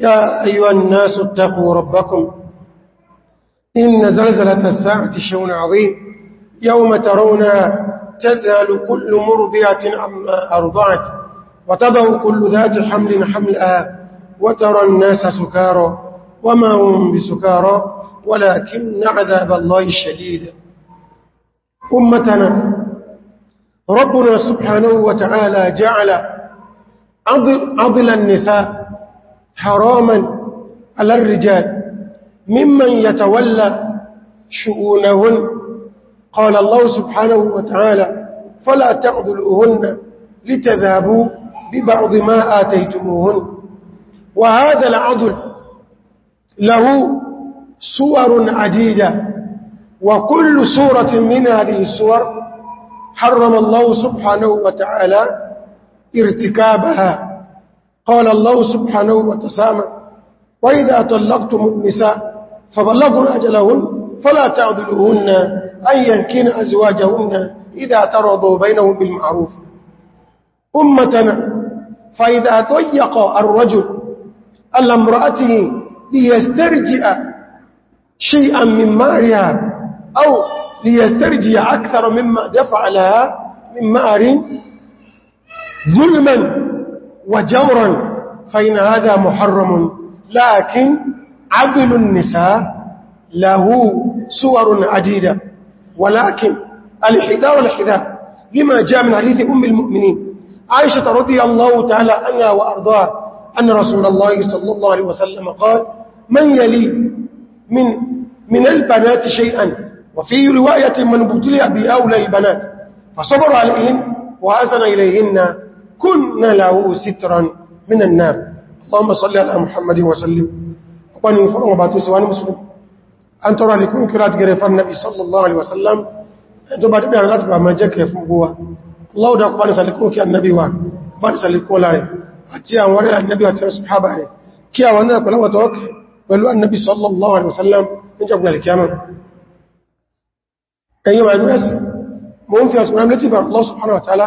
يا أيها الناس اتقوا ربكم إن زلزلة الساعة شون عظيم يوم ترون تذهل كل مرضية عما أرضعت وتضع كل ذات حمل حملها وترى الناس سكارا وما هم بسكارا ولكن عذاب الله الشديد أمتنا ربنا سبحانه وتعالى جعل أضل النساء حراما على الرجال ممن يتولى شؤونهن قال الله سبحانه وتعالى فلا تعذلوهن لتذهبوا ببعض ما آتيتموهن وهذا العدل له صور عديدة وكل صورة من هذه الصور حرم الله سبحانه وتعالى ارتكابها قال الله سبحانه وتسامى وإذا طلقتم النساء فبلغن أجلهن فلا تعذلوهن أن ينكين أزواجهن إذا ترضوا بينهم بالمعروف أمتنا فإذا طيق الرجل الامرأته ليسترجع شيئا من مارها أو ليسترجع أكثر مما دفع لها من مار ظلما وجورا فإن هذا محرم لكن عدل النساء له صور عديدة ولكن الحذار الحذار لما جاء من حديث أم المؤمنين عائشة رضي الله تعالى أنا وأرضاها أن رسول الله صلى الله عليه وسلم قال من يلي من, من البنات شيئا وفي رواية من ابتلع بأولى البنات فصبر عليهم وأزن إليهن كنا له سترا من النار اللهم صل على محمد وسلم وقال ينفرون وباتوسي وانا مسلم أن ترى لكم كرات غريفة النبي صلى الله عليه وسلم أن تبعد بأن لا تبع ما جاك يفمقوا الله دعوك بأن سألكم كي النبي وان بأن سألكم لاري أتي أنوري النبي وأتي صحابة عليه كي أولنا كلام وتوك ولو النبي صلى الله عليه وسلم من جبنا الكيامة أيها الناس مهم في أسمنا التي بأن الله سبحانه وتعالى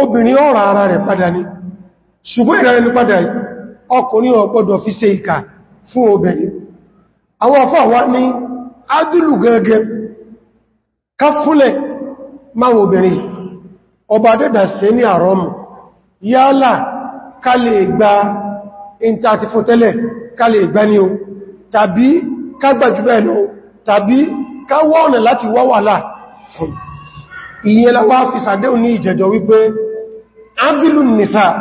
obìnrin ọ̀rọ̀ ara rẹ̀ padà ní ṣùgbọ́n ìrẹ̀ ẹni padà ọkùnrin ò fi ṣe ìkà fún obìnrin àwọn afọ́ wá ní adúlù gẹ́gẹ́ ká fúnlẹ̀ máa obìnrin ọba dẹ́dà sí gba o tàbí wá fi sàdéhùn ní adìlùn nìsà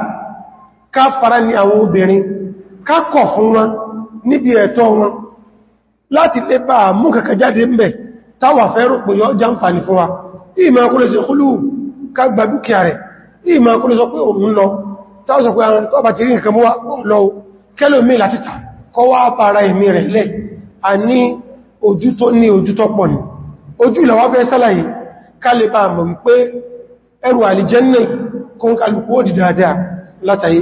ká fara ní àwọn obìnrin ká kọ̀ fún wọn níbi ẹ̀tọ́ wọn láti lè bá mú kàkà jáde mẹ́ táwà fẹ́ rò pòyọ́ jàǹfààní fún wa ìmọ̀ akúrẹ́ kúlù ká gba dúkìá rẹ̀ ìmọ̀ akúrẹ́ pé òun lọ táwà sọ pé wa lọ kẹ́lò mí látítà kọ́ wá para ẹ̀mí rẹ̀ lẹ́ a ní ojú tó ní ojú tó pọ̀ ní ojú ìlàwà fẹ́ kó ń kàlùkú ó di dáadáa látàyé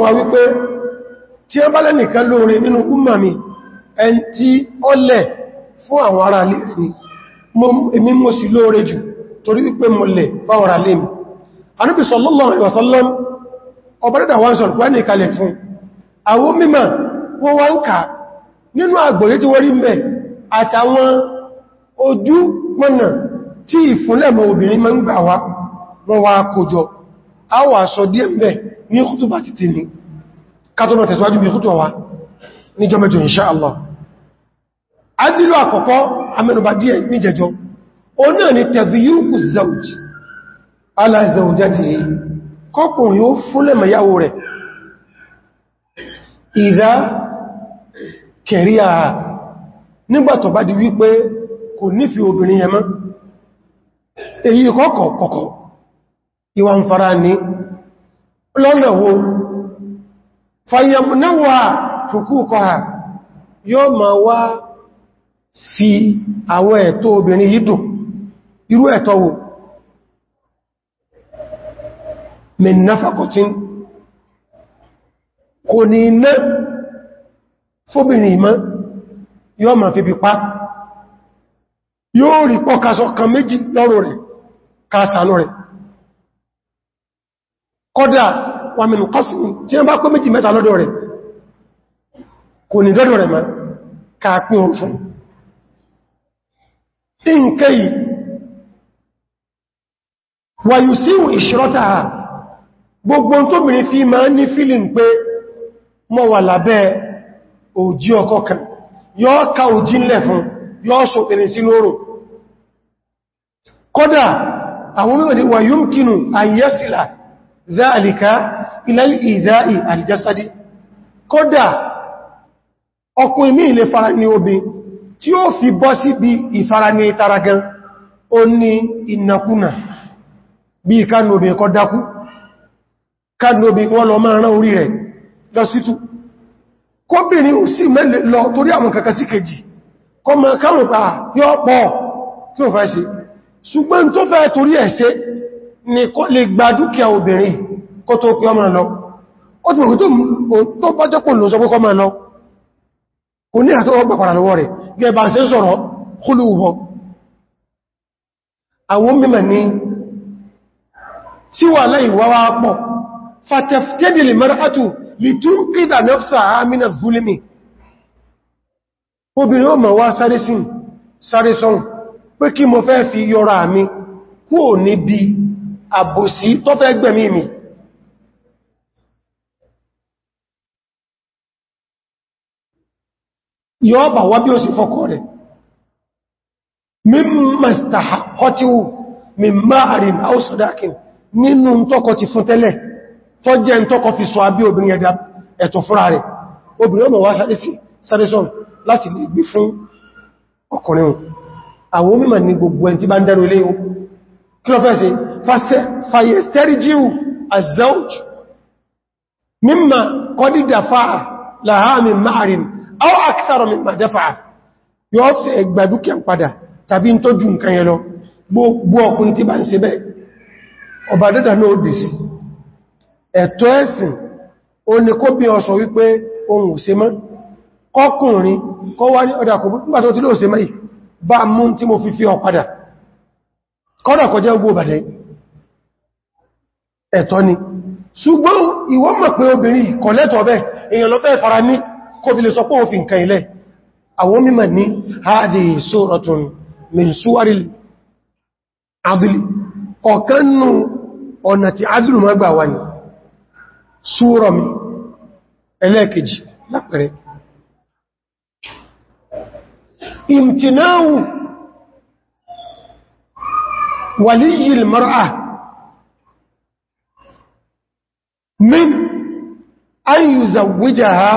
wa wípé tí a bá lẹ́nìkan lóore nínú umma mi ẹn mi èmi mo sì lóore jù torí wípé mo lẹ̀ fáwọn ará lè mi Ànábì sallallahu alaihi wasallam ọbọ̀dẹ́dà wọ́n sọ̀rọ̀ pẹ́ ní ìkalẹ̀ fún àwọn mímọ̀ wọ́n wá ń kà nínú àgbòyé tí wọ́n rí mẹ́ àtàwọn ojú mọ́nà tí ìfúnlẹ̀mọ̀ obìnrin ma ń gbà wá wọ́n wá kójọ a wà sọ díẹ̀ mẹ́ ní kútùbà títí ni katọ́nà tẹ̀síwájú bí kútùbà wá adílò àkọ́kọ́ amẹ́nubà díẹ̀ ní jẹjọ náà nígbàtọ̀ kò nífi obìnrin yẹmọ́ èyí kọ́kọ̀ kọ̀kọ̀ ìwà ń fara ní lọ́nà wo fàyẹ̀mùnáwà ha yóò ma wá fi àwọ ẹ̀tọ́ obìnrin yìí dùn irú ẹ̀tọ́ wo min kò ní iná fóbìnrin ìmọ́ yóò ma fi bí pa yóò rí pọ́kasọ kan méjì lọ́rọ̀ rẹ̀ kásánú rẹ̀ kọ́dá wà mẹ́nu kọ́sìmù tí wọ́n bá pé méjì mẹ́ta lọ́dọ̀ rẹ̀ kò ní dọ́dọ̀ rẹ̀ ma káàpín ohun fún ǹkẹ́ yìí wà yìí síwò ìṣirọ́ta gbogbo tó fi máa ní fílìn pé mọ́ wà lábẹ́ òjí ọkọ̀ kan yọ́ ká òjí ńlẹ̀ fún yọ́ sọ ìrìn sínú oòrùn kódà àwọn mímọ̀ ni wà yúmkínú àyẹ́sìlá záàlìká ilẹ̀-ìdáì àlìjásádì kódà ọkùn imí ilẹ̀ farani obin tí ó fi bọ́ sí bí ìfarani taragan o ní ìnàkúnà bí kánúbí kọ́ dákú kánúbí wọ́n lọ máa rán orí rẹ̀ lọ sítú kóbìnrin ò sí mẹ́lẹ̀ lọ torí àwọn kàkà sí kejì kọ́ mọ̀ káwọn pàá yọ́ pọ̀ tí ó fẹ́ sí ṣùgbọ́n tó fẹ́ torí ẹ̀ ni ní kó lè gba dúkìá obìnrin kó tó pí ọmọ lọ ó ti mọ̀kú tó bá jẹ́ pòlò sọ púpọ̀ máa lọ kò ní àtọ́ ọgbà padà lọ́wọ́ rẹ̀ gẹ́bà ṣe sọ̀rọ̀ kúlùwọ́ àwọn mímọ̀ ní tí wà pé kí mo fẹ́ fi yọra mi kúò níbi àbòsí tó fẹ́ gbẹ̀mí mi yọ́ bà wá bí ó sì fọ́kọ́ rẹ̀ mímọ̀ ìtàkọ́tíwò mímọ̀ àrin àwọ́sọ̀dákin nínú tọ́kọ ti fún tẹ́lẹ̀ tó jẹ́ tọ́kọ fi sọ abí obìnrin ẹ̀dà ẹ̀tọ̀ fúnra rẹ̀ obìnrin ọmọ wá sáré sí sáré sọ́n láti lè gbé fún ọkùnrin àwọn onímọ̀ ní gbogbo ẹn tí bá ń dẹnu ilé o kí lọ fẹ́ sí fàyẹ̀stẹ́rì jíu azauj mímọ̀ kọ́dí dàfà láàámi ma'arin au akthara mímọ̀ dàfà yóò fẹ́ gbàdúkẹ́ padà tàbí ń tọ́jú nǹkan yẹn lọ gbogbo ọkùnrin tí bá ń ṣe bẹ́ẹ̀ ọba dẹ́dà náà dì sí ẹ̀tọ́ ẹ̀sìn o ní kó bí kọkùnrin kọ́ ní ọdá kò bú nígbàtọ́ tí ló òsèmọ́ yìí bá mú tí mo fi fi ọ padà kọ́nà kọjá ogbó bàdẹ̀ ni ṣùgbọ́n ìwọ mọ̀ pé obìnrin kọ̀lẹ́tọ̀ bẹ́ èèyàn lọ fara ní kó fi lè sọ pé òfin kan ilẹ̀ àwọn mímọ̀ ní haadi suratun lapere. امتناع ولي المرأة من أن يزوجها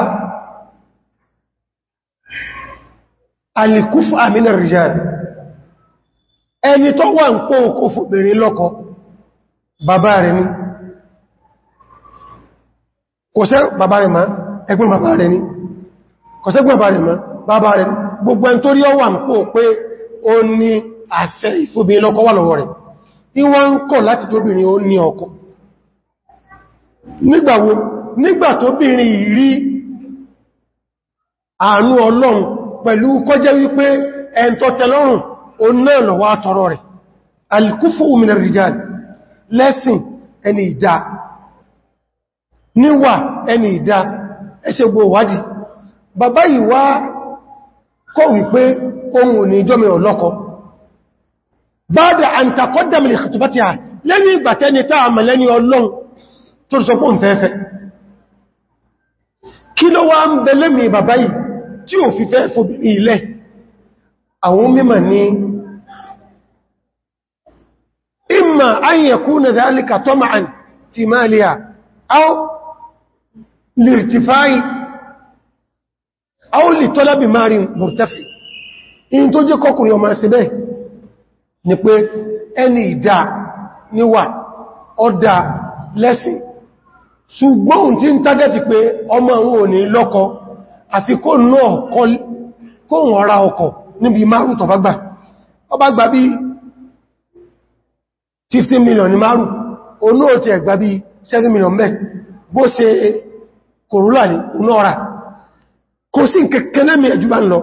الكفء من الرجال ẹni tó wà ń kó òkú fòbìnrin lọ́kọ bàbá rẹ̀ ní kò sẹ́ bàbá rẹ̀ ma ẹgbùn bàbá rẹ̀ ní kò sẹ́gbùn bàbá rẹ̀ ma bàbá rẹ̀ ní gbogbo ẹn tó rí ọwà ń pò pé ó ní àṣẹ ìfòbí lọ́kọ wà lọ́wọ́ rẹ̀ ìwọ́n ń kọ̀ láti tóbìnrin ó ní ọkọ nígbàwo nígbà tóbìnrin rí àánú ọlọ́run pẹ̀lú kọjẹ́ wípé ẹn tó tẹ́lọ́rùn ó náà lọ wá rẹ̀ kó wípé ohun ní ìjọmẹ̀ ọlọ́kọ bada an takọ́dàmì ìkàtùbátí à lẹ́ni ìgbàtẹ́ni táà mọ̀ lẹ́ni ọlọ́n tó sọ pọ̀ fẹ́fẹ́ kí ló wá ń bẹ̀lẹ́ mi bàbá yìí tí ò fi fẹ́ fòbí ilẹ̀ aúlì tọ́lábì marin murtafi in tó jẹ́ kọkùnrin ọmọ sí bẹ́ ni pé ẹni ìdá níwà ọdá lẹ́sìn ṣùgbọ́n tí ń tágẹ́tì pé ọmọ òun ò ní lọ́kọ àfi kó náà kó wọ́n ra ọkọ̀ níbi márùn tó bá gbà bí kò sí kẹ̀kẹ́ lẹ́mẹ̀ ẹ̀jú bá ń lọ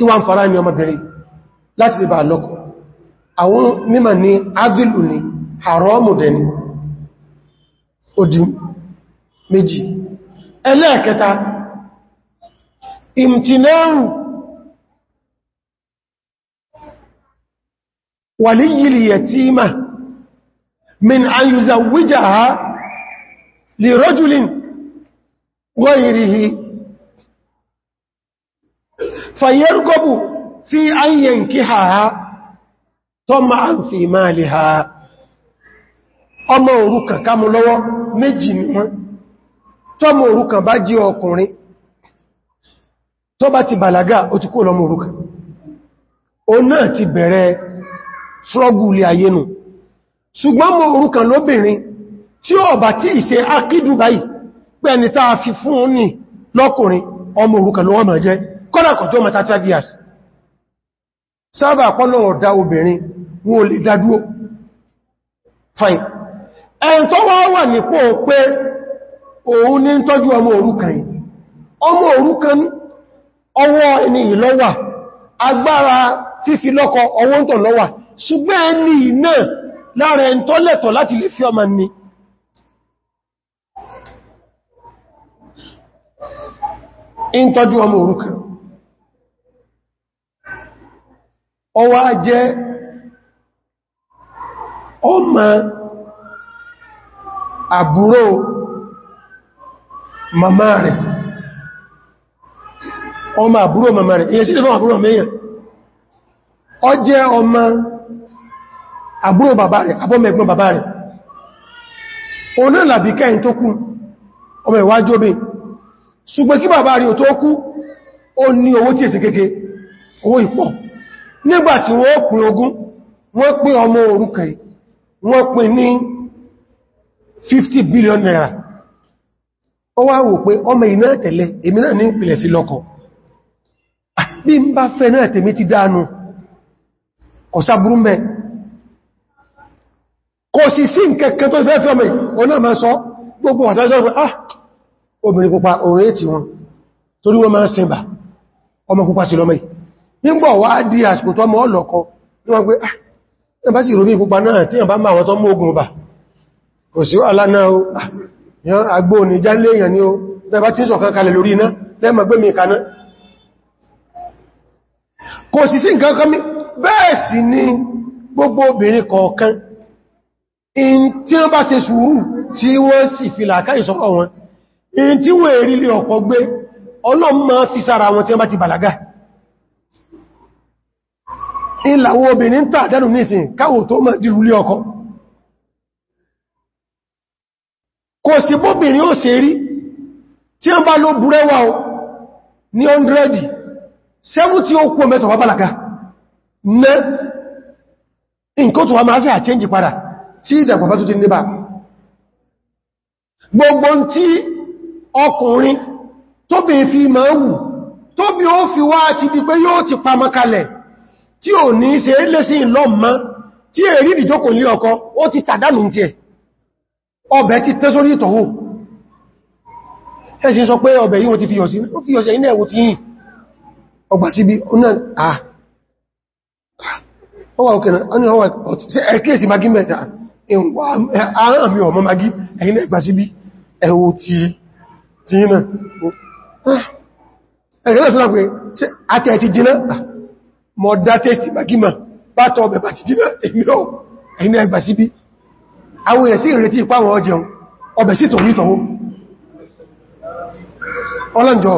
ìwà ń fara ní ọmọbìnrin láti lè bá lọ́kọ àwọn mímọ̀ ní adìlù ní àrọ́mùdẹ̀ ní odi méjì ẹlẹ́ẹ̀kẹta ìmtìnẹ́rù wàlíyìlì ma min ha yuzawwijaha li rajulin ghayrihi فيرغب في أن ينكحها طمعا ha ha ọmọ orúkà kámú lọ́wọ́ méjì mọ́ wọ́n tọ́mọ òrukàn bá jí ọkùnrin tó bá ti bàlágà ó ti kó lọmọ orúkà o náà ti bẹ̀rẹ̀ ṣrọ́gùlé ayé ṣùgbọ́n lóbìnrin tí ó bá tí akídù kọ́nàkọ̀ tó mata 35 sábà ọ̀dá obìnrin wọn lè dádúó fine ẹn tó wá wà pé òun ní tọ́jú ọmọ yìí ọmọ òrukàn ọwọ́ ẹni ìlọ́wà agbára fífi lọ́kọ ọwọ́ ń tọ̀ lọ́wà ọwá jẹ́ ọmọ àbúrò màmá rẹ̀ ọmọ àbúrò màmá rẹ̀ èyẹ sí lè fún àbúrò mẹ́yàn ọ jẹ́ ọmọ àbúrò bàbá rẹ̀ abọ́mẹ̀gbọ́n bàbá rẹ̀ oná làbí kẹ́yìn tó kú ọmọ ìwájú obìn kí bàbá tó kú ó ní owó tí èsì kéèké owó ìpọ̀ nígbàtí wọ́n pín ogún wọ́n pín ọmọ òrukàn wọ́n pín ní 50 billion naira ó wá wò pé ọmọ iná tẹ̀lẹ̀ èmi náà ní ìpìlẹ̀ fi lọ́kọ ah, bí n bá fẹ́ náà tèmi ti dánú kò sáburú mẹ́ kò sì sí nkẹ́kẹ́ tó fẹ́ fẹ́ ọmọ ah, obìnrin pupa ọmọ pupa sí nígbọ̀ wá di àsìkò tó mọ́ ọlọ́kọ́ ní wọ́n pé ah ẹbá sì rò ní ìpupa náà tí ẹ̀bá máa wọn tó mú ogun bà kò sí wàhálà náà o ah, yán agbó ní jálé èèyàn ní o lẹ́bá tí mi kaná ni gbogbo obìnrin kọ̀ọ̀kan in tí wọ́n bá ṣe sùúrù tí wọ́n sì fi làákà ìsọ́kọ̀ wọn tí wọ́n èrí lè ọ̀pọ̀ gbé ọlọ́mọ fi sára wọn tí wọ́n bá ti bàlágà ìlàwó obìnrin tà dẹ́nu nísìn káwò tó mọ̀ dìrúlé ọkọ kò sí bóbìnrin ó ṣe rí tí wọ́n bá ló búrẹ́wà o ní 100 70 ó kú mẹ́tọ̀ wà bálaka ní nǹkan tó wà máa sí àchẹ́njì padà tí ìdàgbàbá tó ti níbà gbogbo tí ọkùnrin tóbi fi máa wù tóbi ó fi wá ti di pé yóò ti pa tí ò ní ṣe é lé sí ìlọ́mọ́ tí è rí ìdíjókò ní ọkọ ó ti tàdánù tí ẹ̀ ọbẹ̀ ti tẹ́ sórí ìtọ̀wò ẹ sì sọ pé ọbẹ̀ yíò ti fiyọ̀ sí ó fiyọ̀ sí iná ẹ̀wò ti yìn ọgbà sí bí ó náà ọwà òkè náà ẹ̀kẹ́ àti ẹ̀ ti jiná mọ̀ dá tẹ́sì gbàgímà pátọ̀ ọ̀bẹ̀ bàtí dínà èmi ò ẹ̀yìn ẹgbà síbí àwọn sí ìrètí ìpáwọn ọjẹun ọbẹ̀ sí tòun nítọ̀wó ọlọ́njọ́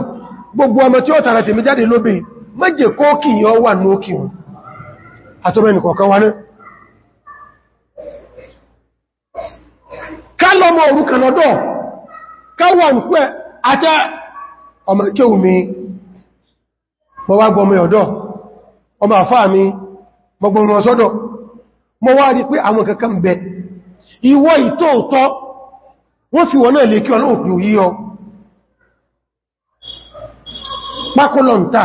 gbogbo ọmọ tí ó tààrà tèmi jáde lóbin wa ọmọ àfáà mi gbogbo wọn sọ́dọ̀ mo wá rí pé àwọn kankan bẹ ìwọ ìtòótọ́ wọ́n fi wọ́n lè kí ọlọ́run pè yí ọ pákọlọ̀ntà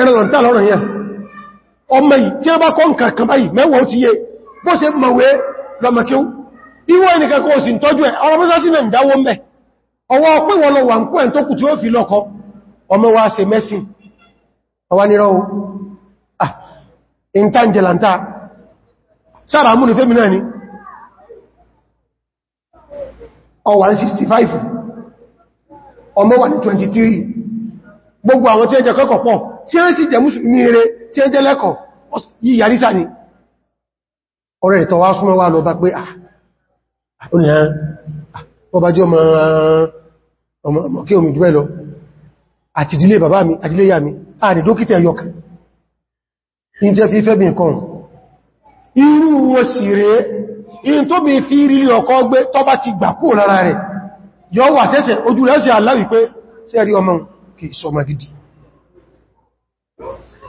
ẹranlọ̀ntà lọ́rọ̀ yẹn ọmọ yìí tí a bá kọ́ nǹkan báyìí mẹ́wàá ti yẹ bó ṣe mọ̀wé tọ́jú ẹ̀ ìdáwó mẹ́ ọwọ́ wọ́n lọ wà ń tó kù tí ó fi ọmọ wa ṣe ìntànjẹ̀lántà sára múnú fẹ́mi náà ni ọwà 65 ọmọ wà ní 23 gbogbo àwọn tí ẹ jẹ kọ́kọ̀ pọ̀ tí ẹ sì jẹ mùsùlùmí rere tí ẹ jẹ lẹ́kọ̀ọ́ yíya rísà ni ọ̀rẹ́ ìtọ̀ wá súnmọ́ wá lọ bá pé à oníyàn wọ́n bá jẹ́ ọmọ kí omi ní dókítà in tẹ́ fi fẹ́ bí nǹkan irú wọ́n sì rẹ̀ in tó bí fi rí ọkọ gbé tọ́ bá ti gbà lára rẹ̀ yọ wà sẹ́sẹ̀ ojú rẹ̀ aláwì pé sẹ́rí ọmọ kì í sọmọ gidi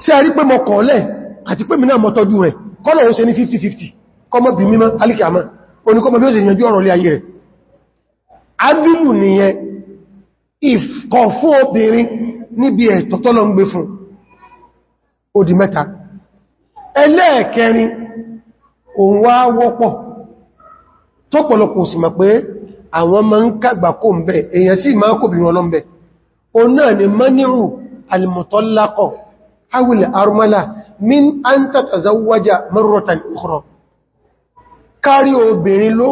sẹ́rí pé mọ kọ̀ọ̀lẹ̀ àti pé mìíràn mọ́tọ́jú rẹ̀ kọ́lọ̀ ó ṣe ní 50-50 bí mímọ́ bí ó yanjú ọ̀rọ̀ ẹlẹ́ẹ̀kẹrin òun wá wọ́pọ̀ tó pọ̀lọpọ̀ sì mọ̀ pé àwọn ma ń kàgbà kó ń bẹ̀ èyàn sì ma kò bìnrin ọlọ́m̀bẹ̀ o náà ni mọ́nírù alìmọ̀tọ́lákọ̀ awil armala min an tàtàzáwájá marratan ukhra kárí o ni o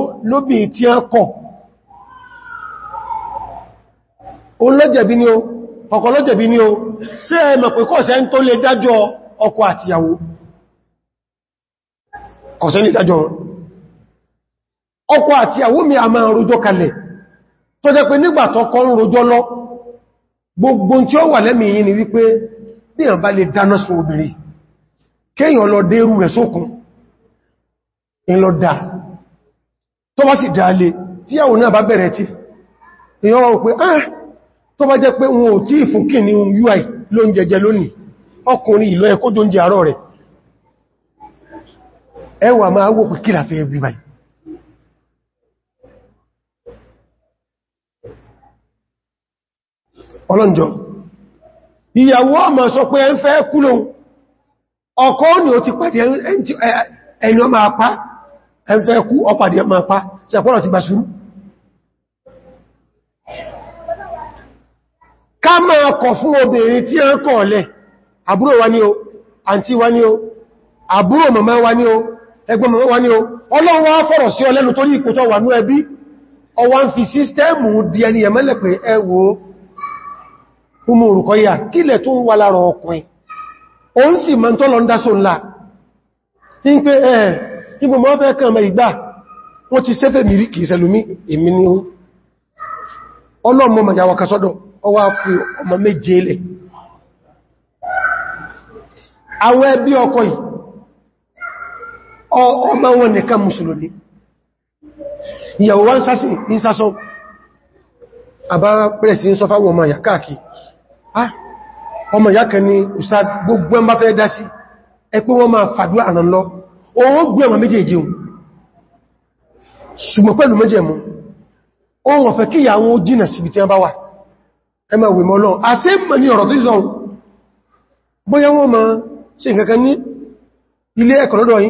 ni o àtìyàwó kọ̀sẹ́ ní ìdájọ́ ọkọ àti àwọn mi a máa rojọ́ kalẹ̀ tó jẹ́ pé nígbàtọ́ kọ́ ń rojọ́ gbogbo tí ó wà yìí ni wípé bí lè dáná sọ obìnrin kéèyàn lọ dé irú rẹ̀ sókun ìlọ tó bá sì dáalé tí àwọn pé ah tó jẹ́ pé wọn ò tí ìfúnkì ní ui lónìí ọkùnrin ìlọ ẹwà máa wò pé kí la fẹ́ wí báyìí ọlọ́njọ́ ìyàwó ọmọ sọ pé ẹ fẹ́ kú ọkọ ní o ti pàdé ẹni ọmọ apá ẹ fẹ́ kú ọpàdé ọmọ apá sí àpọ́lọ̀ ti ká máa kọ̀ fún obìnrin tí wa ni o wa o àbúrò màmá wa o ẹgbọ́n mọ̀ wá ní o ọlọ́run wá fọ̀rọ̀ sí ọlẹ́nu tó ní ipò tó wà ní ẹbí ọwá ń fi sístẹ́mù di ẹni ẹ̀mẹ́lẹ̀ pé ẹwò ọmọ òrùkọ́yà kílẹ̀ tó ń wà lára ọkùnrin o ń sì mọ́ tọ́lọ ń dásó ńlá ọkọ yìí ọmọ wọn nìkan mùsùlùmí ìyàwó wá ń sásì ní sásọ àbá pẹ̀lẹ̀ sí ń sọ fáwọn ọmọ ìyàká ah, ọmọ ìyàká ni ustad gbogbo ẹmbá fẹ́ dá sí ẹpẹ́ wọ́n máa fàdúrà ànà lọ oó gbé ọmọ méjèèjì hun ṣùgbọ́n pẹ̀lú méjèmú oó wọ́n fẹ́ kí ìyàwó jìnà síbi tí wọ́n bá wà ilé ẹ̀kọ́ yìí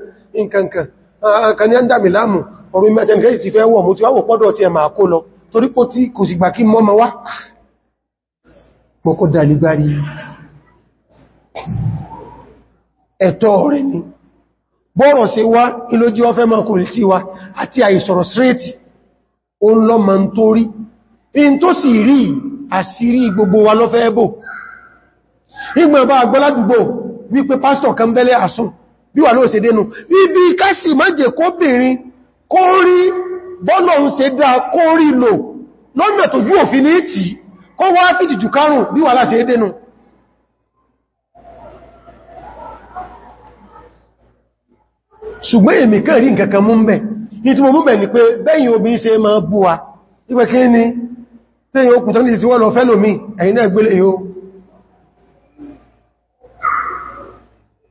nkankan kan ni andami lamu oru mi ajen gaisi fe wo mo ti wa wo podo ti e ma ko lo tori ko ti ko si gba ki mo ma wa mo ko da ni gbari e to re ni boro si wa iloji o fe ma ko ti wa ati ayi soro straight o nlo ma ntori in to si ri asiri gbogbo wa lo fe Igba igbo ba agbola dugbo wipe pastor kan asun bí wà ló ṣe dénú ibi kásì má jẹ kóbìnrin kó rí bọ́lọ̀ ń ṣe dá kó rí lò lọ́nà tó jú òfin ní ìtì kó wá fìdì jù kárùn bí wà láṣe dénú ṣùgbọ́n èmì kàn rí nǹkankan mú mẹ́ ní tí mo mú mẹ́ ni pé bẹ́yìn ṣe máa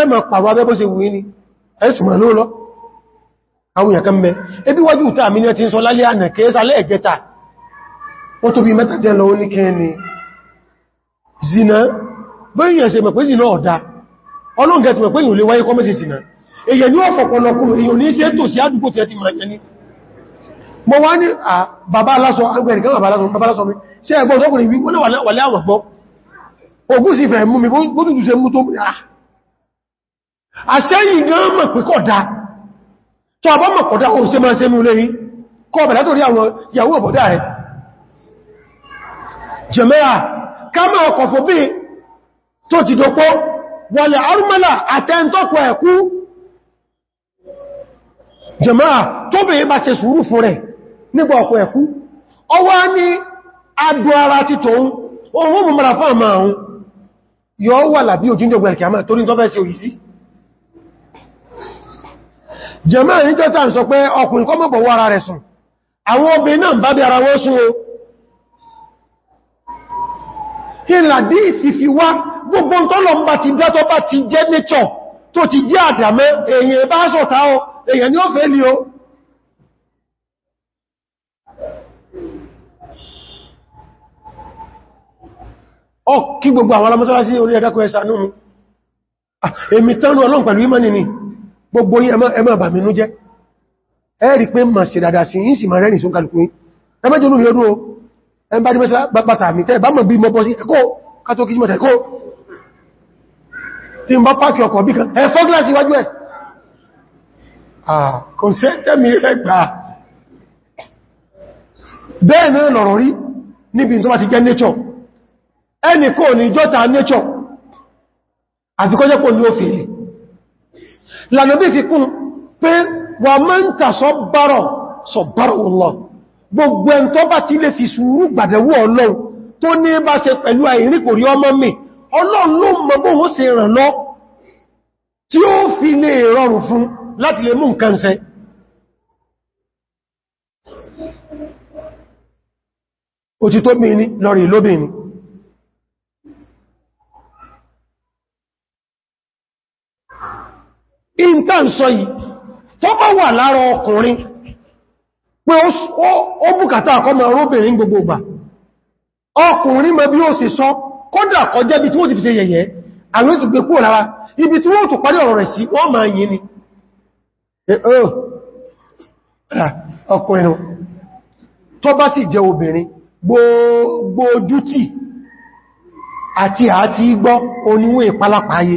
ẹmọ̀ pàwọ́ abẹ́ bó ṣe wù ní ẹ̀sùn mọ̀ lóòlọ́ àwọn èèyàn kan mẹ́ ebí wájú ìta àmì ní ẹ ti ń sọ lálẹ́ ànà kẹsà lẹ́ẹ̀gẹta wọ́n tó bí mẹ́ta jẹ́ lọ ní kẹni zina bẹ́yìn ẹ̀ṣẹ̀ mọ̀ zina ọ̀dá ọlọ́ngẹ̀ ti mọ̀ pé ìhùn zina èyàn ní ọ̀fọ̀pọ̀lọkùnrin èyàn ní ṣe tò sí àdúgbò tí ẹ ti mọ̀ ẹni mọ̀ wá ní bàbá aláṣọ agbẹ̀rẹ̀gán mi ṣe ẹgbọ́n ọ̀dọ́kùnrin wí wọ́n lè wà láwọn gbọ́ ogún sí fẹ̀ mú mi gbójújú se mú tó mú àṣẹ́yìn gan mọ̀ pé kódà tó àbọ́ mọ̀ kódà ó ṣe máa ṣe mú lérí kọ́ bẹ̀rẹ̀ tó rí àwọn ìyàwó ọ̀bọ̀dá rẹ̀ jẹ̀mẹ́ra ká máa kọ̀fọ́ bí tó ti dọ́pọ́ wọlẹ̀ arúmọ́lá àtẹ́ntọ́kọ̀ ẹ̀kú jẹ̀mẹ́ra tó bèé bá ṣe sùúrù fún rẹ̀ nígbà ọkọ̀ ẹ̀kú ọwá jẹmọ́ yìí jẹ́ta ń sọ pé ọkùnrin kọ́ mọ́bọ̀ wára rẹ̀ sùn àwọn obìnrin náà bá bí ara wọ́n sún o ìfìfì wá gbogbo tọ́lọ mba ti dá bá ti jẹ́ nature tó ti jẹ́ àdàmẹ́ èyàn bá sọ̀tá o èyàn ni ó fẹ́ lè o kí gbogbo àwọn alamọ́sára sí orí èmì tánú gbogbo yín ẹmọ́ àbàmínú jẹ́ ẹ̀rí pé ma ṣe dada sí yín sì ma rẹ́rìn sí oúnkàlùkù yín ẹmẹ́jọ ní ọdún o ẹmbá ní mẹ́sàn bàtà mi tẹ́ bá mọ̀ bí mọ́bọ́ sí ẹkọ́ kátó kí mọ̀tẹ̀ ẹkọ́ tí ń bá pàkì ọkọ̀ bí kan ẹfọ́ gíláàsì iwájú ẹ̀ kọ̀nsẹ́tẹ̀mì rẹ̀ gbà bẹ́ẹ̀ náà lọ̀rọ̀ rí níbi tó bá ti jẹ́ nature ẹnì kò ní jọ́ta nature àti kọjẹ́pọ̀ ní ó fèèrè lànàbí fi kún pé wà máa ń tà sọ bárọ̀ sọ bárọ̀ ọlọ́ gbogbo ẹn tó bá ti lè fi sùúrù gbàdẹ̀wó ọlọ́run tó ní bá ṣe pẹ̀lú àìríkòrí ọmọ mi ọlọ́run ló mọ̀ ìntàn sọ yìí tó bá wà lára ọkùnrin pé ó bùkátà àkọ́mọ̀ ọrúbìnrin gbogbo ìgbà ọkùnrin mọ̀ bí ó sì sọ kódà kọjá bí tí wọ́n ti fi se yẹ̀yẹ́ ibi ọ̀rọ̀ ma ni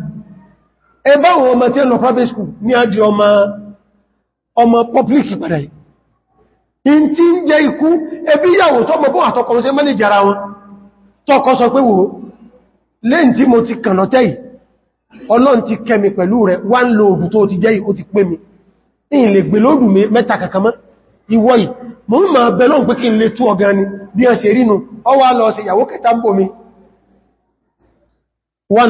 ẹbá àwọn ọmọ tí ó lọ private school ní àjí ọmọ ọmọ public padà yìí in tí ń jẹ ikú ẹbí ìyàwó tọ́mọ bọ́ àtọkọ̀ sí mẹ́lẹ̀jì ara wọn tọ́kọ́ sọ pé wò mo ti kàn tẹ́yì ọlọ́n ti kẹmi pẹ̀lú rẹ̀ wá ń lo ògùn tó ti jẹ́ ti pé mi in lè n mi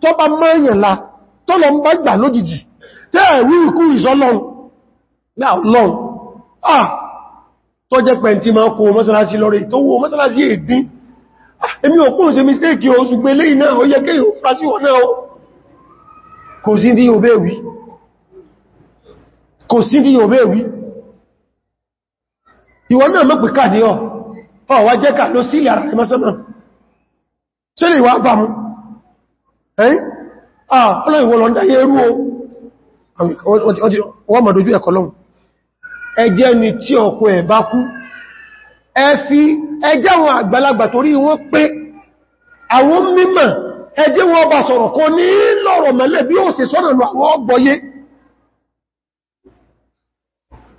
tó bá mẹ́yàn la tó lọ ń bá gbà lójijì tẹ́ ẹ̀rí ìkú ìsọ́lọ́un tó jẹ́ pẹ̀ntí máa kó mọ́sánásí lọ́rẹ̀ tó wó mọ́sánásí èdín èmi òkú ṣe mistake o ṣùgbé lẹ́yìn náà ó yẹ kí o frasí wọn náà kò sí tí yóò bẹ́ẹ̀wí kò sí tí yóò bẹ́ẹ̀wí ìwọ náà mọ́ pẹ̀ká ní ọ ọ̀wá jẹ́ ká lọ sí ilẹ̀ àràsí mọ́sánà ṣe lè wá bá mú ẹ́yìn ah ọlọ́rin wọ́n lọ́ndá yẹ rú o wọ́n mọ̀ dojú ẹ̀kọ́ lọ́hun ẹjẹ́ ni tí ọkọ ẹ̀ bá kú ẹ fi ẹjẹ́ wọn àgbàlagbà torí wọ́n pé àwọn mímọ̀ ẹjẹ́ wọn bá sọ̀rọ̀ kọ ní lọ́rọ̀ mẹ́lẹ̀ bí ó sì sọ́nà lọ àwọn ọgbọ̀yé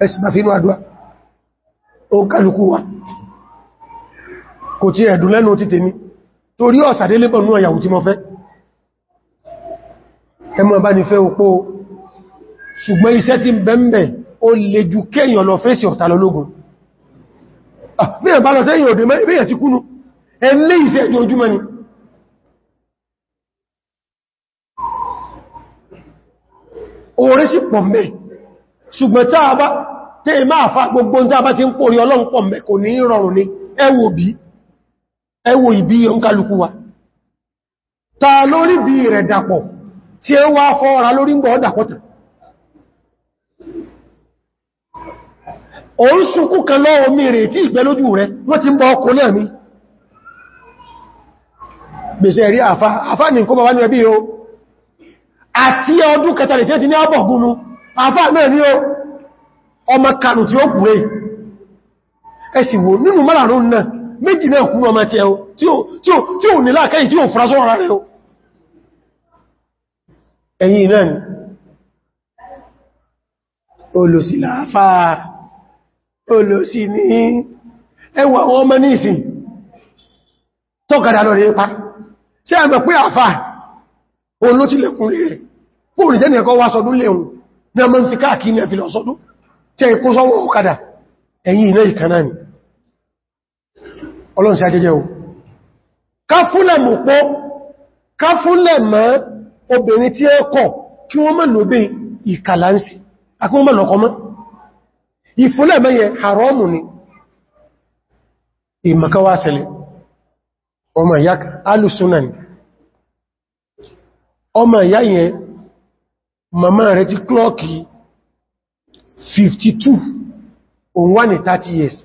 ẹ̀sì bá fi inú àdúrà ó kálukú wa kò tí ẹ̀dùn lẹ́nu títẹ̀ mi torí ọ̀sàdélébọ̀ nú ọ̀yàwó tí mo fẹ́ ẹmọ bá ní fẹ́ opó ṣùgbọ́n iṣẹ́ tí bẹ̀m̀bẹ̀ ó lè ju kéèyàn lọ fẹ́ sí ọ̀tà lọ́lógún ṣùgbọ́n tàà bá tí ìmá àfá gbogbo ń tàbá ti ń pòrí ọlọ́run pọ̀ mẹ́ kò ní rọrùn ní ẹwò bí ẹwò ìbí ọǹkálukú wa ta lórí bí rẹ̀ dàpọ̀ tí ó wá fọ́ra lórí ń gbọ́ o ń sunkú kan lọ omi rẹ̀ tí ìgbẹ́ lójú rẹ̀ wọ́n ti ń bọ ọkọ̀ ní mi gbèsè rí àfá àfá ní kó bàbá ní ẹbí o àti ọdún kẹtàlẹ̀ tí ti ní àbọ̀ gúnú àfá náà ní o ó ọmọ ẹ̀yìn náà ni olùsí láàfáà olùsí ní ẹwà àwọn ọmọ ní ìsìn tọ́kàdà lọ rí pa ṣe àmọ̀ pé àfáà òun ló tilẹ̀kùn rí rẹ̀ fóòrùn jẹ́ nìkan wá sọdún léhun ní ọmọ ń fi káàkiri ẹ̀fì lọ obìnrin tí ẹ kọ̀ kí wọ́n mọ̀ lóbin ìkàlánsì akíwọ́n mọ̀ lọ́kọ mọ́ ìfúnlẹ̀ mẹ́yẹ haramu ni ìmọ̀káwà sẹlẹ̀ ọmọ ìyá alùsúnà ni ọmọ ìyá yẹn màmá rẹ̀ ti klọ́ọ̀kì 52 òun wà ní 30 years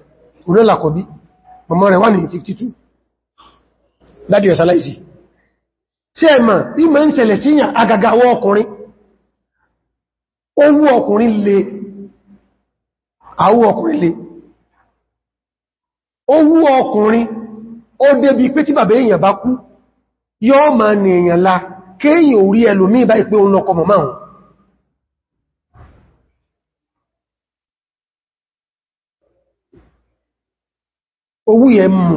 olólàkọ̀bí màmá rẹ̀ wà ní 52 dádìí ọ̀sálàìsì tí ẹ̀mọ̀ ìmọ̀ ń ṣẹlẹ̀ síyàn agagawọ́ ọkùnrin owó ọkùnrin lè àwọ́ ọkùnrin lè owó ọkùnrin ó débi pé tí bàbá èèyàn bá kú yóò máa ní èèyàn la kéèyàn orí ẹlòmí bá ìpé òun lọ́kọ mọ̀má òun owó yẹn mú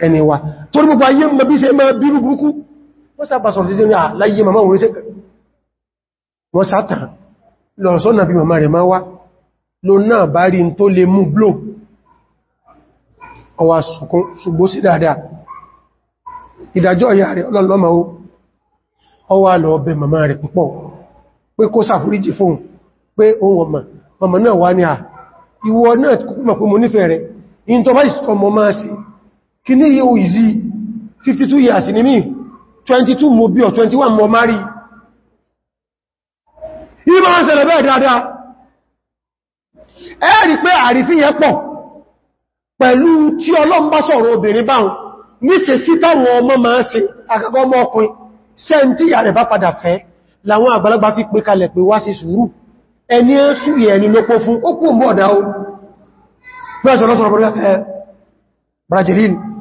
ẹni wa tó rí gbogbo ayé mọ̀ bí ṣe máa bínú burúkú wọ́n sábà sọ̀rọ̀ títí ní àláyé màmá òun ṣe wọ́n sátàn lọ sọ́nà bí màmá rẹ̀ máa wá ló náà bá rí tó lè mú bló ọwà ṣùgbó sí dáadáa ìdájọ́ ìyá rẹ̀ ọlọ́lọ́mà ó ọwà lọ bẹ màmá rẹ̀ púpọ̀ pé kó ṣàforíjì fóun pé òun ọmọ kí ní yíò ìzí 52 years ni mí 22 mo bí ọ̀ 21 mo mari ìbá wọn ṣẹlẹ̀ bẹ́ẹ̀ dáadáa ẹ rí pé àrífíyẹ pọ̀ pẹ̀lú tí ọlọ́mbá sọ̀rọ̀ obìnrin báhùn níṣe sí táwọn ọmọ máa ń ṣe àkàkọ́ ọmọ ọkùnrin sẹ́ntí ìyà rẹ̀ bá padà fẹ́ láwọn àgbàlagbà fi pé kalẹ̀ pé wá sí sùúrù ẹni ẹ́ súrì ẹni lópo fún ó kú òmú ọ̀dá ó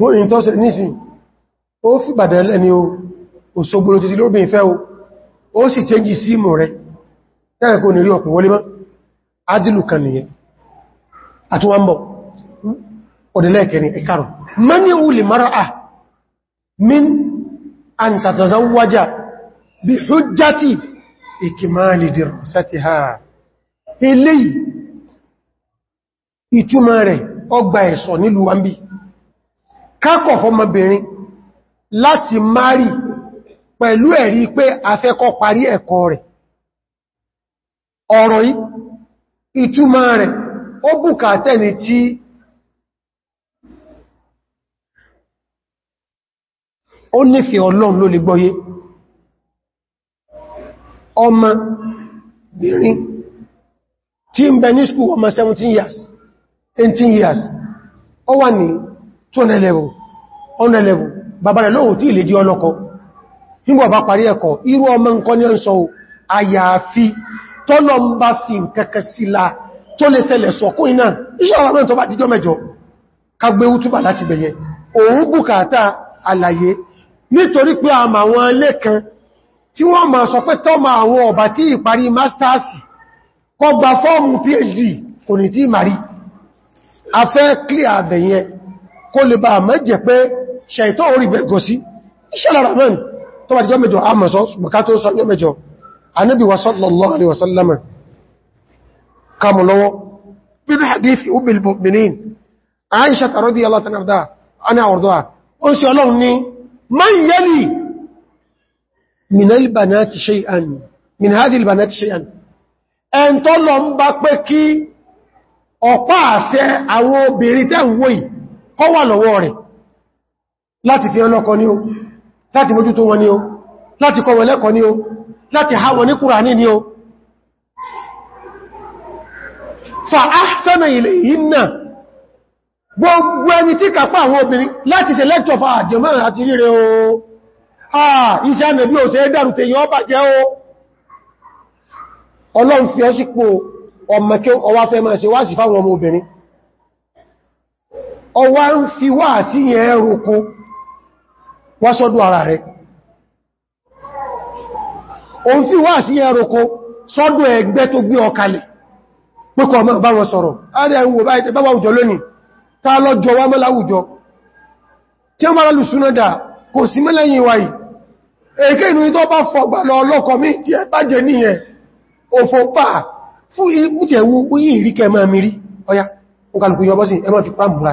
wọ́n yìí tó ṣe nísìn ó fi bàdàn lẹ́ni o òṣogbòrò títí lóbin ìfẹ́ o ó sì tẹ́jì símù rẹ̀ tẹ́rẹ̀ kò ní rí ọ̀pùn wọlé mọ́ adìlù kan nìyẹn àtúwàmbọ̀ ọ̀dẹ̀lẹ́kẹrin min an tatazawaja bi ikimali dirasatiha eléyìí ìtumọ̀ rẹ̀ ọgbà ẹ̀sọ̀ nílùú wambi kákọ̀ fọmọbìnrin láti márì pẹ̀lú ẹ̀rí pé afẹ́kọ́ parí ẹ̀kọ́ rẹ̀ ọ̀rọ̀ yìí ìtumọ̀ rẹ̀ ó bùkátẹ́ ni tí ó nífẹ̀ẹ́ ọlọ́run ló lè gbọ́yé ọmọ bìnrin tí ń bẹ ní skú ọmọ 17 years 18 years ó wà ní 200 level 100 level bàbá rẹ̀ lóòtí ilé jí ọlọ́kọ nígbà bá parí ẹ̀kọ́ irú ọmọ nǹkan ní ọ̀sọ̀ àyàfi tọ́lọ ń bá fi nkẹ́kẹ́ sílá tó lè ṣẹlẹ̀ sọ̀kún iná ìṣọ́lọ́mọ́ tó bá jíjọ́ mẹ́jọ kagbé útúbà láti bẹ̀yẹ òun bùkátà àlàyé nítorí pé a ma wọn lé kan tí wọ́n ma àbẹ̀yẹn kó lè bá àmọ́ jẹ pé ṣẹ̀tọ́ orí gbẹ̀gọ́ sí ìṣẹ́lẹ̀ rahman tó bá jọ mẹ́jọ amọ̀sọ́ bukató sọ yọ mẹ́jọ anábi sallallahu alaihi wasallam kamulawo bin hadithi ubil umm mu'minin aisha ta radiyallahu tanarda ana warduwa on si ọlọ́run ni man yali min albanati shay'an min hadhihi albanati shay'an en tó lọ ń bá pé kí ọ̀pá àṣẹ àwọn obìnrin tẹ́ ń wòyìí ọ wà lọ́wọ́ rẹ̀ láti fi ọlọ́kọ ní o láti mójútó wọn ní o láti kọ́ wọn ní o láti ha wọn ní Kùránì ní o fa ahsana ilayhinna gbogbo ẹni tí kàpá àwọn obìnrin láti ṣe lẹ́tọ̀ fa ah, àjẹmọ́rin àti ríre o ah iṣẹ́ máa ṣe wá sí ọwá ń fi wá sí yẹn ẹrùkú wá sọ́dọ̀ ara rẹ̀ o ń fi wá sí yẹn ẹrùkú sọ́dọ̀ ẹgbẹ́ tó gbé ọkalẹ̀ pẹ́kọ̀ ọmọ bá wọn sọ̀rọ̀ kò sí mẹ́lẹ́yìn wáyìí èké inú ìtọ́ bá fọ̀gbà lọ ọlọ́kọ̀ mi tí ẹ bájẹ̀ níyẹn òfò pà fún ìmútẹ̀wú yìí rí kẹ máa mi rí ọya nǹkan kò yọ bọ́sí ẹ fi pàmùra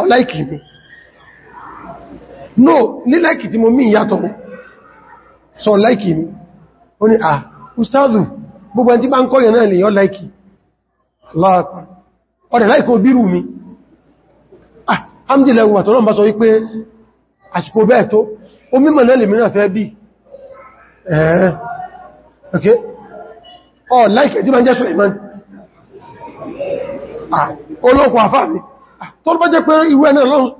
ọláìkì uh, uh, uh, mi no ní láìkì tí mo mí ìyàtọ̀ sọ mi ó ní à ah, ustazu gbogbo ẹni tí bá ń kọ́ yẹn lè láìkì ọ̀rẹ̀ láìkì ah náà bá sọ wípé bẹ́ẹ̀ tó ó mímọ̀ náà Ah, olókun àfáàmì ah, tó bá jẹ́ pé irú ẹ̀nà lọ́run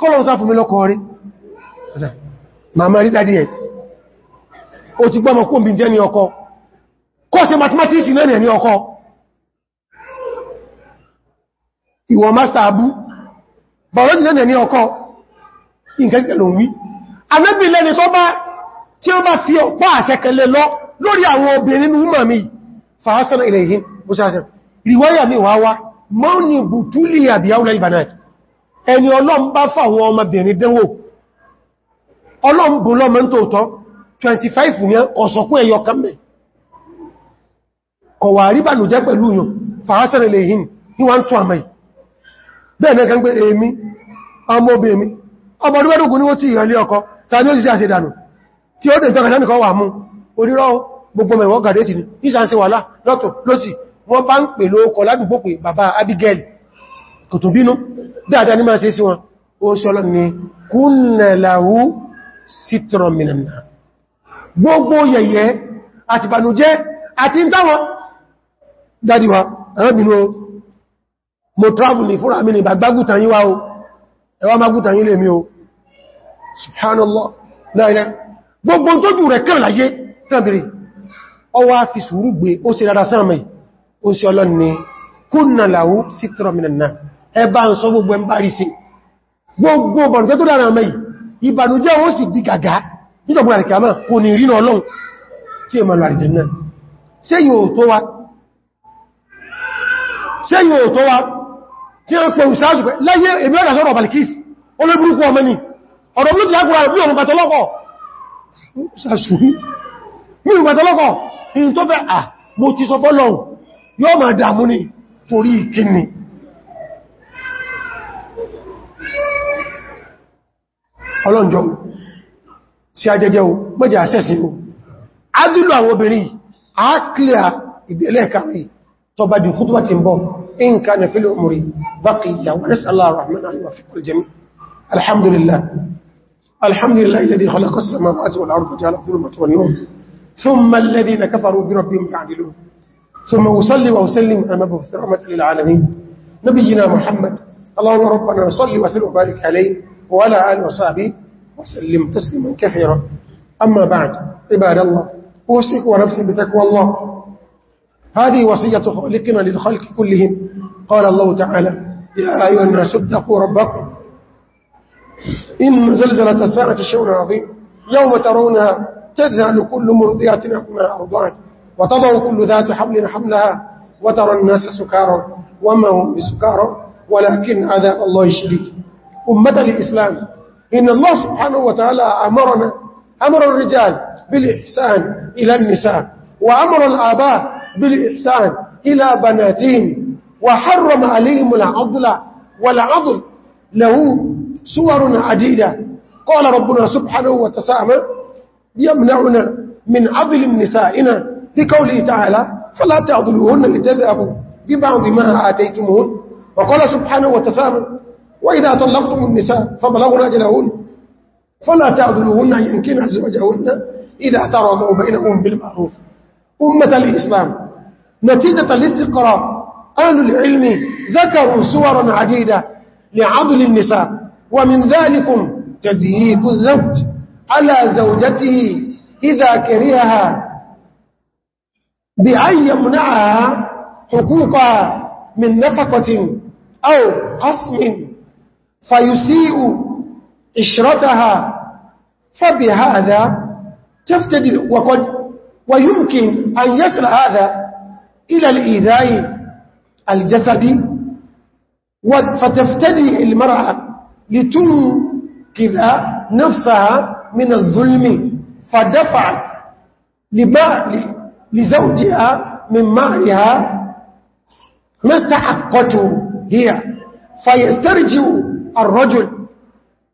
kọ́lọ̀n sáfún mi lọ́kọ̀ rí màmá rí dádí ẹ̀ o ti gbọ́mọ̀ kó bí jẹ́ ní ọkọ kọ́ sí mathematics náà ní ọkọ ìwọ master abú biology náà ní ọkọ tí ó bá fi lọ mi mọ́ni bùtúlì àbí àúlẹ̀ ìbànáàtì ẹni ọlọ́m bá fàwọn ọmọbìnrin dánwò ọlọ́m bùn lọ́mọ ń tóòtọ́ 25 ní ọ̀sọ̀kún ẹ̀yọ kánbẹ̀ kọ̀wà ríbànú jẹ́ pẹ̀lú yàn fàásẹ̀rẹ̀ lè hìn ní wọ́n tún àmì bẹ́ẹ̀ mẹ́kan pé èmi mi ọkọ wọ́n bá ń pè lóókọ ládùgbò pé bàbá Abigail kò tó bínú dáadáa ní máa ṣe sí wọn ó ṣọ́lọ́ ni kunna lahu sitran minan nar gbogbo yẹ̀yẹ́ àti bànújẹ́ àti ìtàwọn dáadíwá àwọn ìbínú mo travel ní fúnra mi ní gbàgbàgùtà yíwá o ẹwà magùtà yí lè mi o subhanallah láìlẹ́ gbogbo tójú rẹ̀ kàn láyé tàbí ọwá fi sùúrù gbé ó sì rárá sáàmì ó sí ọlọ́ni ni kúnnà làwú síkítọ̀rọ̀ mìnà ẹbá ń sọ gbogbo ẹmbá rí sí gbogbo bọ̀nùjẹ́ tó dára mẹ́ ìbànújẹ́ ó sì di gàgá nítọ̀gbọ̀n àríkàmà kò ní rí náà lọ́n tí balikis olóbúrúkú ọmọ ni ọ̀rọ̀ blú ti lágbàrá bí ọ̀rùn pàtọlọ́kọ̀ ṣàṣù ní ìgbàtọlọ́kọ̀ in tó fẹ́ à mo ti sọ bọ́lọ̀un yóò máa dàmú ní torí ìkíni ọlọ́njọ́ sí ajẹjẹ́ o mẹ́jẹ́ àṣẹ́sì o a adúlù àwọn obìnrin a ìbẹ̀lẹ̀ kàrí tó bá di kútúbà ti ń bọ́ in ká ní fílẹ̀ umri baqiya wa nas'alallahu rahmanahu wa fiqhal jami' alhamdulillah ثم أصلي وأسلم على مبعوث رحمة للعالمين نبينا محمد اللهم ربنا نصلي وسلم وبارك عليه وعلى آله وصحبه وسلم تسليما كثيرا أما بعد عباد الله أوصيك ونفسي بتقوى الله هذه وصية خلقنا للخلق كلهم قال الله تعالى يا أيها الناس اتقوا ربكم إن زلزلة الساعة شيء عظيم يوم ترونها تذهل كل مرضيات عما أرضعت وتضع كل ذات حمل حملها وترى الناس سكارى وما هم بسكارى ولكن عذاب الله شديد أمة الإسلام إن الله سبحانه وتعالى أمرنا أمر الرجال بالإحسان إلى النساء وأمر الآباء بالإحسان إلى بناتهم وحرم عليهم العضل والعضل له سور عديدة قال ربنا سبحانه وتسامى يمنعنا من عضل نسائنا بقوله تعالى فلا تعضلوهن لتذهبوا ببعض ما آتيتمهن وقال سبحانه وتسامه وإذا طلقتم النساء فبلغن أجلهن فلا تعذلوهن أن أزواجهن إذا اعترضوا بينهم بالمعروف أمة الإسلام نتيجة الاستقراء أهل العلم ذكروا صورا عديدة لعضل النساء ومن ذلك تذييك الزوج على زوجته إذا كرهها بأن يمنعها حقوقها من نفقة أو قسم فيسيء إشرتها فبهذا تفتدل وقد ويمكن أن يصل هذا إلى الإيذاء الجسدي فتفتدي المرأة لتنقذ نفسها من الظلم فدفعت لبعض لزوجها من مهرها ما استحقته هي فيسترجع الرجل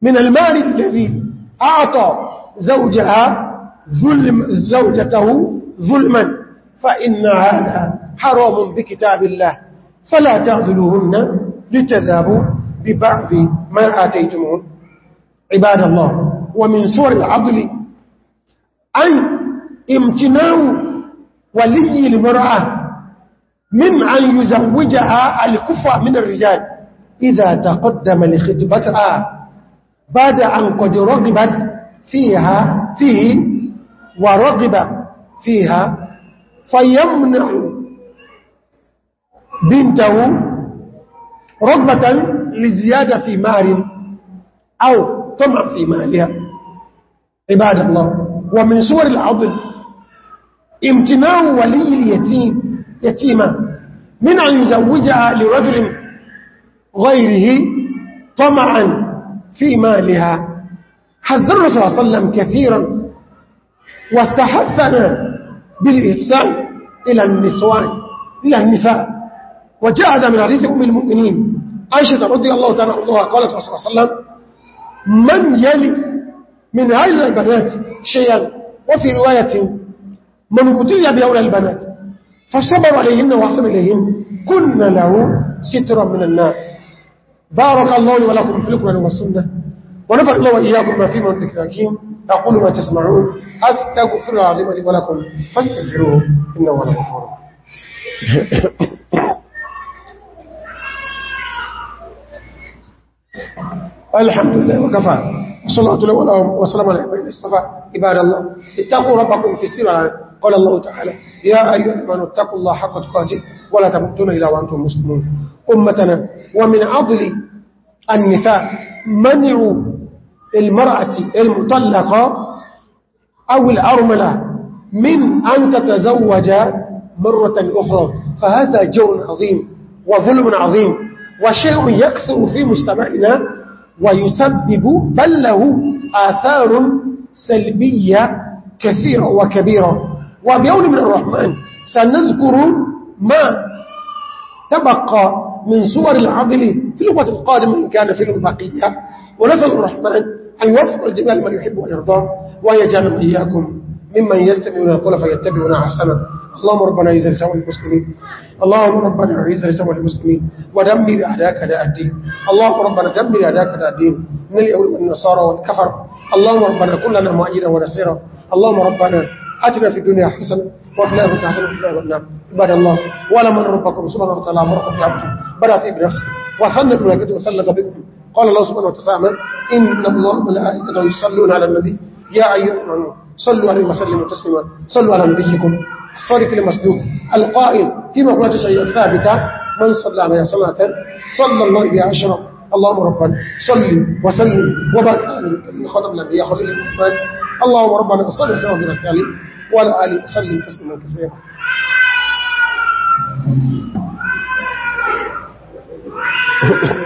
من المال الذي أعطى زوجها ظلم زوجته ظلما فإن هذا حرام بكتاب الله فلا تعذلوهن لتذابوا ببعض ما آتيتمون عباد الله ومن سور العضل أن امتناع ولي المرأة من أن يزوجها الكفة من الرجال إذا تقدم لخطبتها بعد أن قد رغبت فيها فيه ورغب فيها فيمنع بنته رغبة لزيادة في مال أو طمع في مالها عباد الله ومن سور العظم امتناع ولي اليتيم يتيمة من أن يزوجها لرجل غيره طمعا في مالها حذر الرسول صلى الله عليه وسلم كثيرا واستحثنا بالإحسان إلى النسوان إلى النساء وجاء من حديث أم المؤمنين عائشة رضي الله تعالى عنها قالت رسول الله صلى الله عليه وسلم من يلي من عائل البنات شيئا وفي رواية من قتل بأولى البنات فصبر عليهن وحسن إليهن كن له سترا من النار بارك الله ولكم في القرآن والسنة ونفع الله وإياكم ما فيه من ذكر أقول ما تسمعون أستغفر العظيم لي ولكم فاستغفروه إنه ولا غفور الحمد لله وكفى صلى الله عليه على عباد الله اتقوا ربكم في السر قال الله تعالى يا أيها الذين اتقوا الله حق تقاتل ولا تبقتون إلا وأنتم مسلمون أمتنا ومن عضل النساء منع المرأة المطلقة أو الأرملة من أن تتزوج مرة أخرى فهذا جو عظيم وظلم عظيم وشيء يكثر في مجتمعنا ويسبب بل له آثار سلبية كثيرة وكبيرة وبيون من الرحمن سنذكر ما تبقى من صور العدل في اللغة القادمة إن كان في البقية ونسأل الرحمن أن يوفق الجميع لمن يحب ويرضى ويجعلنا إياكم ممن يستمع من القول فيتبعنا أحسنه اللهم ربنا عز لسوى المسلمين اللهم ربنا عز لسوى المسلمين ودمر أهداك داء الدين اللهم ربنا دمر أهداك داء الدين من اليهود والنصارى والكفر اللهم ربنا كن لنا مؤجرا ونصيرا اللهم ربنا اتنا في الدنيا حسنه وفي الاخره حسنه وفي عذاب نعم. بعد الله ولا من ربكم سبحانه وتعالى في عبده بدا في بنفسه وخلق ملائكته وثلث بكم قال الله سبحانه وتعالى ان الله ملائكة يصلون على النبي يا ايها المؤمنون صلوا عليه وسلموا تسليما صلوا على نبيكم صرف المصدوق القائل في قلت شيء ثابتة من صلى عليه صلاة صلى الله بها عشرة اللهم ربنا صل وسلم وبارك على خاتم الانبياء خليل الرحمن اللهم ربنا صل وسلم على التعليم وعلى آله وسلم تسليما كثيرا Thank you.